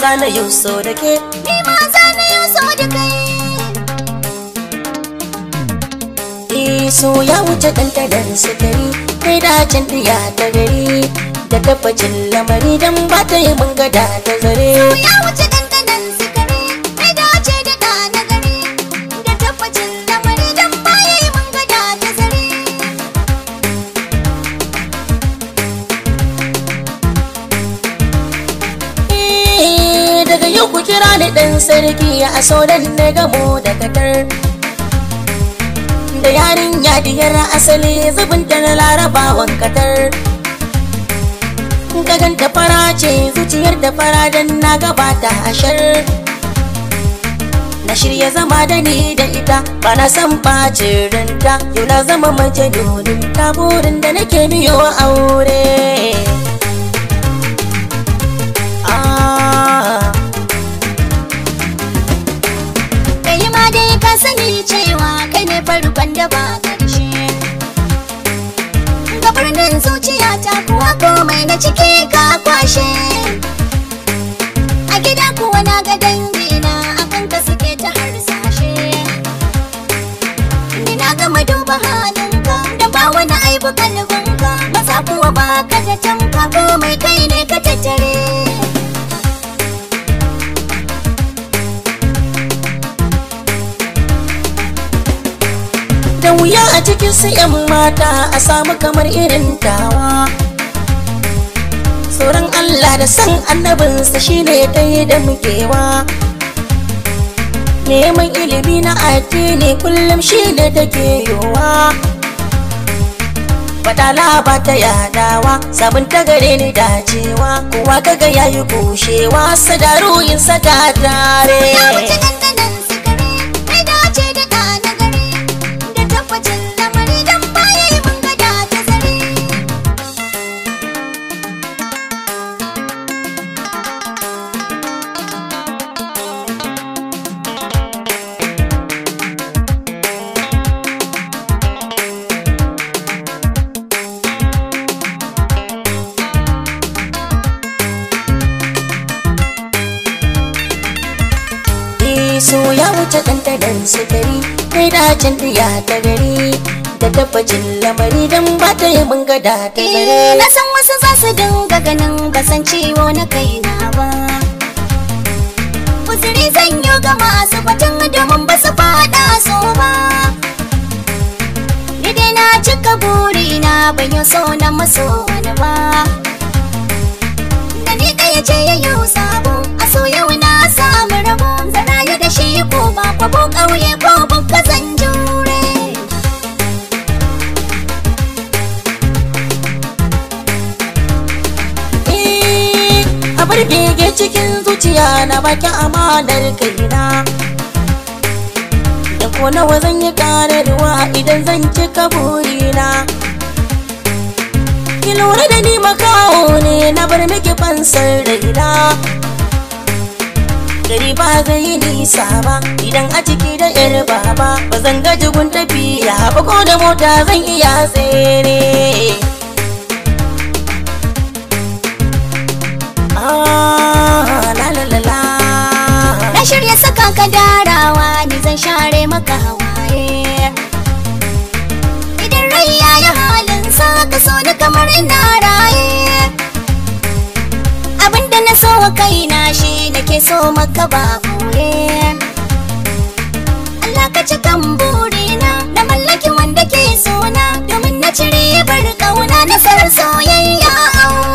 zana yau so da ke ni ma zana yau so da kai eh so ya wuce dan sikari sukari kai da can ya ta gari da tabbacin lamari dan ba ta yi bangada ta zare so ya wuce duk ku kira ni ɗan sarki a sauran na gamo da katar da yarin yadiyar asali zubin ta na larabawan katar kagan ta fara ce zuciyar da fara don na gabata ashar na shirya zama da ni da ita ba na san bacin ranta yau na zama mace taburin da nake biyo aure sani cewa kai ne farkon da ba karshe. ga birnin zuciya ta kuwa komai na cike ka kwashe a gida kuwa na ga dangi na akan ka suke ta harsashe ni na gama duba halin ka da ba wani aibu kalbin ka maza kuwa ba ka da tamka komai kai ne a cikin su yan mata a samu kamar irin tawa tsoron Allah da san annabinsa shine dai da mukewa neman ilimi na addini kullum shine take yowa fadala ba ta yadawa sabon ta gare ni dacewa kowa kaga yayi goshewa sadaru yin ta tare ya wuce ɗantanen sukari, kai dacin ɗiya ta gari, da tabbacin lamari don ba ta yi gada ta gari. Eh, na san wasu za su dinga ganin basan ciwo na kaina ba. Kuzuri zan yi ga masu batun domin ba su faɗa so ba. Ni dai na cika burina ban yi so na maso wani ba. Da ni ɗaya ce ya yi gege cikin zuciya na baki amanar kaina da ko nawa zan yi ƙararwa idan zan cika burina ki lura da ni makawo ne na bar miki fansar raina gari ba zai yi nisa ba idan a ciki da yar baba ba zan gaji gun tafiya ba ko da mota zan iya tsere ka darawa ni zan share maka hawaye idan rai ya yi halin sa ka so ni kamar ina raye abinda na so wa na shi nake so maka ba koye Allah ka ci kan burina na mallaki wanda ke sona domin na cire bar na sarsoyayya soyayya